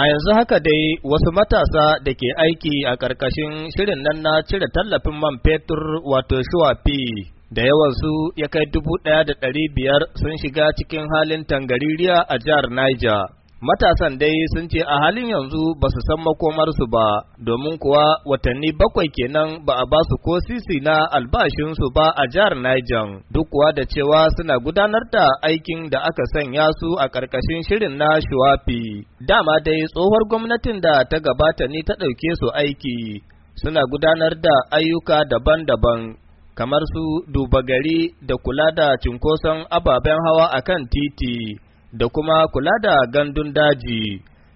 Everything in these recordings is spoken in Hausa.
A yanzu haka dai wasu matasa da ke aiki a ƙarƙashin shirin nan na cire tallafin man fetur wato shuwafi da yawansu ya kai dubu ɗaya da ɗari biyar sun shiga cikin halin tangaririya a jihar Niger. Matasan dai sun ce a halin yanzu ba su san makomarsu ba, domin kuwa watanni bakwai kenan ba a ba su ko sisi na albashinsu ba a jihar Niger, duk kuwa da cewa suna gudanar da aikin da aka sanya su a ƙarƙashin shirin na shuwafi. Dama dai tsohuwar gwamnatin da ta gabata ne ta ɗauke su aiki, suna gudanar da ayyuka daban-daban. kamar su duba gari da kula da cinkoson ababen hawa akan titi da kuma kula da gandun daji.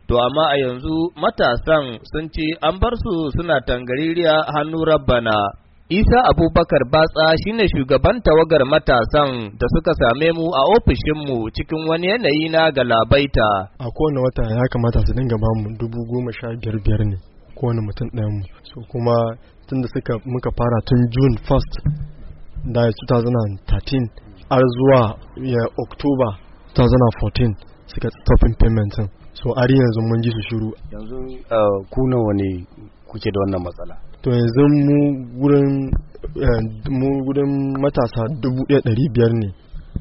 To amma a yanzu matasan sun ce an bar su suna tangaririya hannu rabbana. Isa Abubakar Batsa shine shugaban tawagar matasan da suka same mu a ofishinmu cikin wani yanayi na galabaita. A kowane wata ya kamata su dinga ba mu dubu goma sha biyar biyar ne kowane mutum ɗaya mu. So kuma tun da suka muka fara tun June 1st da 2013 har zuwa ya October 2014 suka stopin payment so har yanzu mun ji su shiru yanzu uh, ku nawa ne kuke da wannan matsala to yanzu mu gurin eh, mu gurin matasa 1500 ne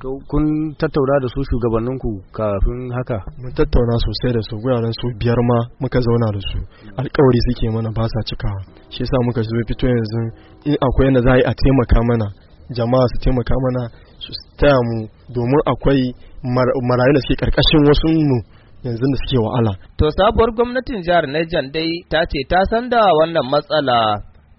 to kun tattauna da su shugabannin ku kafin haka mun tattauna sosai da su guraren su biyar ma muka zauna da su mm. alkawari suke mana ba sa cikawa shi yasa muka zo fito yanzu in akwai yadda za a yi a taimaka mana jama'a su taimaka mana su taya mu domin akwai marayu da suke karkashin wasu mu yanzu da suke wa'ala. To sabuwar gwamnatin jihar Niger dai ta ce ta san da wannan matsala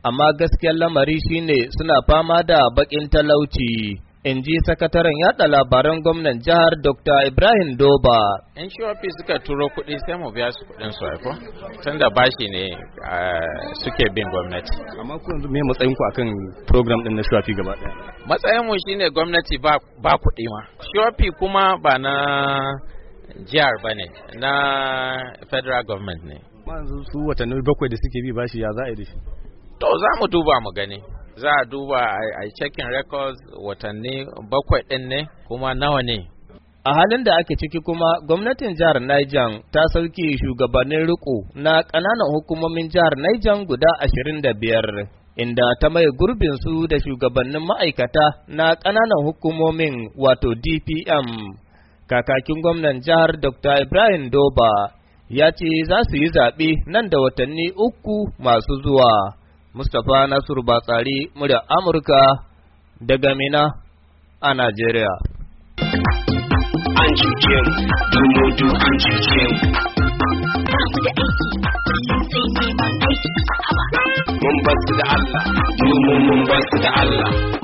amma gaskiyar lamari shine suna fama da baƙin talauci in ji sakataren yada labaran gwamnan jihar Dr. Ibrahim Doba. In shi suka turo kuɗi sai mu biya su kuɗin su haifo, tun da bashi ne suke bin gwamnati. Amma ku yanzu me matsayin ku akan program ɗin na shi gaba ɗaya? Matsayin mu shine gwamnati ba kuɗi ma. Shi kuma ba na jihar ba ne, na federal government ne. Yanzu su watanni bakwai da suke bi bashi ya za a yi da shi? To za mu duba mu gani. za a duba a checking records watanni bakwai ɗin ne kuma nawa ne a halin da ake ciki kuma gwamnatin jihar Niger ta sauke shugabannin riko na ƙananan hukumomin jihar Niger guda ashirin da biyar, inda ta mai gurbin su da shugabannin ma'aikata na ƙananan hukumomin wato DPM kakakin gwamnan jihar Dr. Ibrahim Doba ya ce za su yi zaɓe nan da watanni uku masu zuwa Mustapha Nasiru Batsari murya Amurka daga Mina a Najeriya. An Ba da Mun basu da Allah, mun basu da Allah.